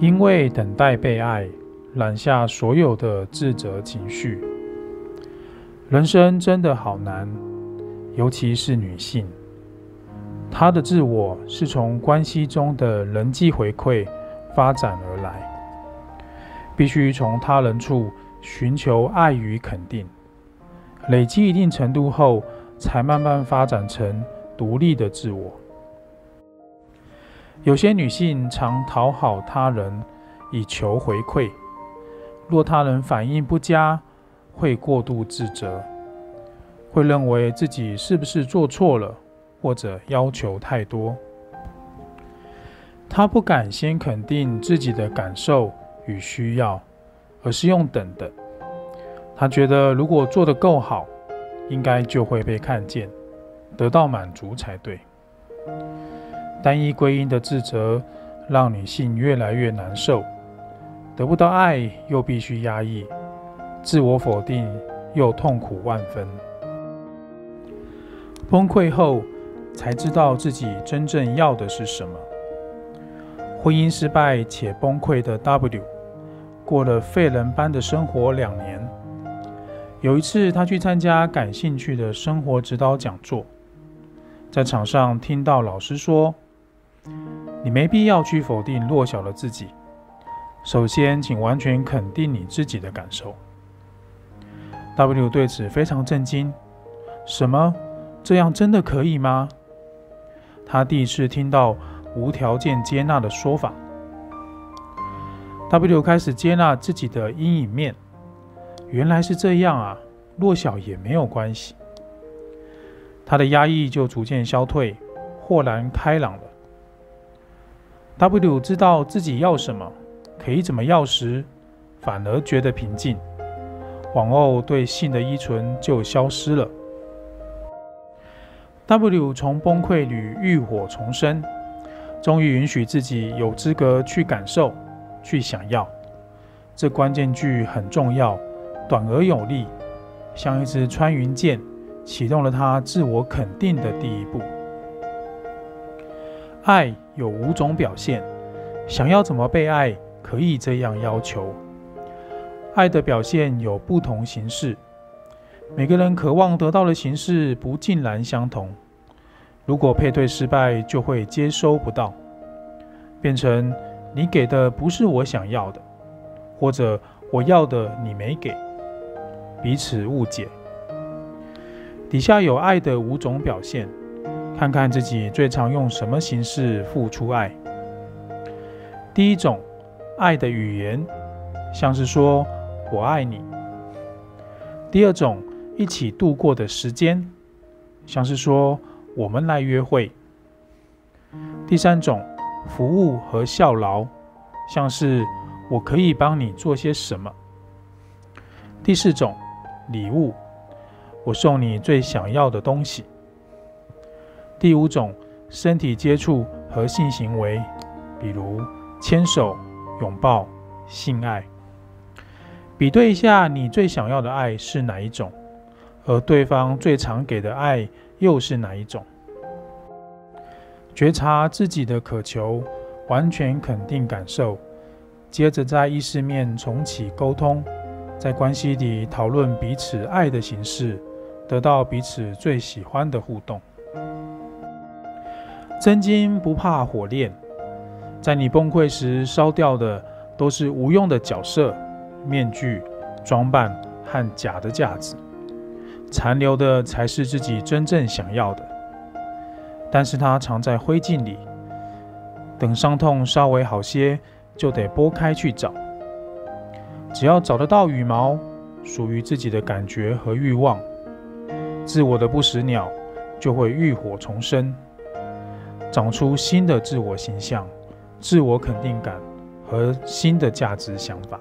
因為等待被愛，攬下所有的自責情緒。人生真的好難，尤其是女性。她的自我是從關係中的人際回饋發展而來，必須從他人處尋求愛與肯定，累積一定程度後，才慢慢發展成獨立的自我。有些女性常討好他人以求回饋，若他人反應不佳，會過度自責，會認為自己是不是做錯了，或者要求太多。她不敢先肯定自己的感受與需要，而是用等的。她覺得如果做得夠好，應該就會被看見，得到滿足才對。單一歸因的自責，讓女性越來越難受，得不到愛又必須壓抑，自我否定又痛苦萬分。崩潰後才知道自己真正要的是什麼。婚姻失敗且崩潰的 W，過了廢人般的生活兩年。有一次，她去參加感興趣的生活指導講座，在場上聽到老師說。你沒必要去否定弱小的自己。首先，請完全肯定你自己的感受。W 對此非常震驚：“什麼？這樣真的可以嗎？”他第一次聽到“無條件接納”的說法。W 開始接納自己的陰影面。原來是這樣啊，弱小也沒有關係。他的壓抑就逐漸消退，豁然開朗了。W 知道自己要什麼，可以怎麼要時，反而覺得平靜，往後對性的依存就消失了。W 從崩潰裡浴火重生，終於允許自己有資格去感受、去想要。這關鍵句很重要，短而有力，像一支穿雲箭，啟動了他自我肯定的第一步。愛有五種表現，想要怎麼被愛，可以這樣要求。愛的表現有不同形式，每個人渴望得到的形式不盡然相同。如果配對失敗，就會接收不到，變成你給的不是我想要的，或者我要的你沒給，彼此誤解。底下有愛的五種表現。看看自己最常用什麼形式付出愛。第一種，愛的語言，像是說“我愛你”。第二種，一起度過的時間，像是說“我們來約會”。第三種，服務和效勞，像是“我可以幫你做些什麼”。第四種，禮物，我送你最想要的東西。第五種，身體接觸和性行為，比如牽手、擁抱、性愛。比對一下，你最想要的愛是哪一種？而對方最常給的愛又是哪一種？覺察自己的渴求，完全肯定感受，接着在意識面重啟溝通，在關係裡討論彼此愛的形式，得到彼此最喜歡的互動。真金不怕火煉，在你崩潰時燒掉的都是無用的角色、面具、裝扮和假的架子，殘留的才是自己真正想要的。但是它藏在灰燼裡，等傷痛稍微好些，就得撥開去找。只要找得到羽毛，屬於自己的感覺和欲望，自我的不死鳥就會浴火重生。長出新的自我形象、自我肯定感和新的價值想法。